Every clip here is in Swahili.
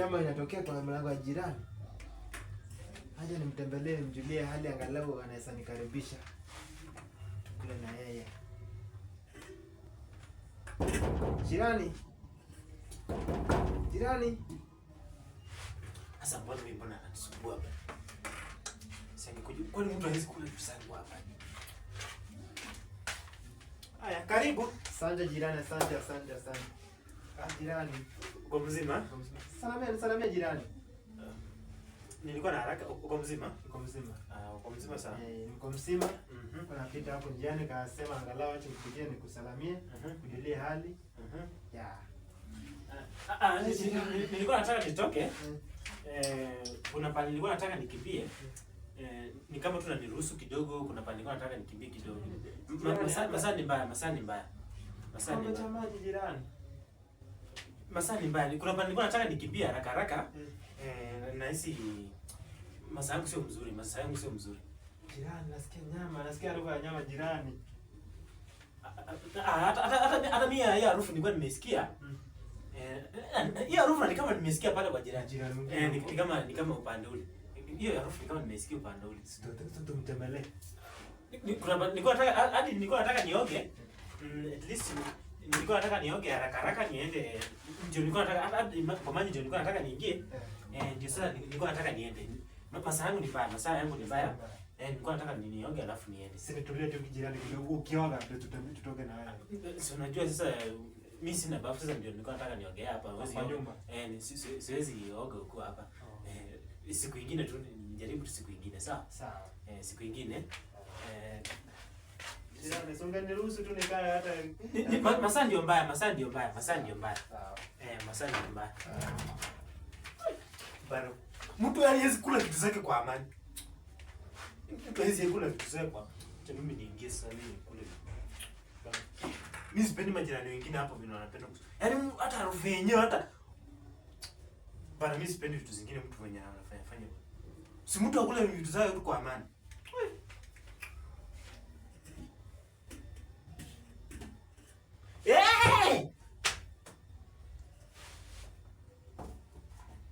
nyama inatokea kwa mlango wa jirani. Aje nimtembelee mjulie hali, angalau anaweza nikaribisha tukule na yeye. Jirani, jirani, Asa mbona mimi, mbona ananisumbua hapa? Sasa kuja, kwani mtu hawezi kula kisangu hapa? Haya, karibu. Asante jirani, asante, asante, asante. Ah, jirani. Uko mzima? Salamia, salamia jirani. Eh, nilikuwa na haraka. Uko mzima? Uko mzima. Ah, uko mzima sana. Eh, uko mzima. Mhm. Kuna kitu hapo njiani kasema angalau acha ukuje nikusalamie, kujulie mhm. hali. Mhm. Ya. Eh, ah, ah nilikuwa nataka nitoke. Eh, eh kuna pale nilikuwa nataka nikimbie. Eh, ni kama tunaniruhusu kidogo, kuna pale nilikuwa nataka nikimbie kidogo. Mm. Masaa ni mbaya, masaa ni mbaya. Masaa ni mbaya. Jirani masali ni mbali. Kuna pande nilikuwa nataka nikimbia haraka haraka. Mm. Eh, nahisi masaa yangu sio mzuri, masaa yangu sio mzuri. Jirani, nasikia nyama, nasikia harufu ya nyama jirani. Hata mimi hiyo harufu nilikuwa nimesikia. Mm. Eh, hiyo harufu ni kama nimesikia pale kwa jirani. Jirani. Eh, ni kama ni kama upande ule. Hiyo harufu ni kama nimesikia upande ule. Tutamtembelee. Nilikuwa nataka hadi nilikuwa nataka nioge. Mm. At least nilikuwa nataka nioge haraka haraka niende ndio nilikuwa nataka kwa maji ndio nilikuwa nataka niingie eh, eh ndio sasa nilikuwa nataka niende masaa yangu ni mbaya, masaa yangu ni mbaya eh, nilikuwa nataka nionge alafu niende. Sisi tulie tu kijirani kidogo, ukioga ndio tutambi tutoke na wewe. Eh, si unajua sasa mimi sina bafu, sasa ndio nilikuwa nataka nioge hapa kwa nyumba eh, siwezi oga huko hapa oh. eh, siku nyingine tu nijaribu siku nyingine, sawa sawa eh, siku nyingine oh. eh Niruhusu tu hata masaa ndio mbaya, masaa ndio mbaya, masaa ndio mbaya. Eh, masaa ndio mbaya. Bado mtu hawezi kula kitu zake kwa amani. Mtu hawezi kula zake kwa. Cha mimi niingie sasa mimi Mimi sipendi majirani wengine hapo vile wanapenda. Yaani hata harufu yenyewe hata mimi sipendi vitu zingine mtu mwenye anafanya fanya. Si mtu vitu zake kwa amani.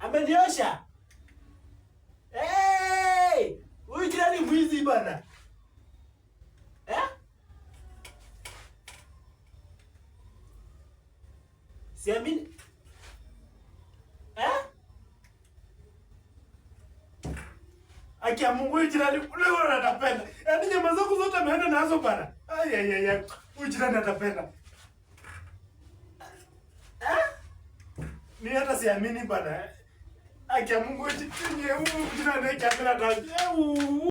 ameniosha. Hey! Huyu jirani mwizi bana. Eh? Siamini. Eh? Akia Mungu huyu jirani leo anatapenda. Yaani nyama zangu zote ameenda nazo bana. Ai ai ai. Huyu jirani atapenda. Eh? Mimi hata siamini bana. Akiamungu chini, huu nada ndio é ndio.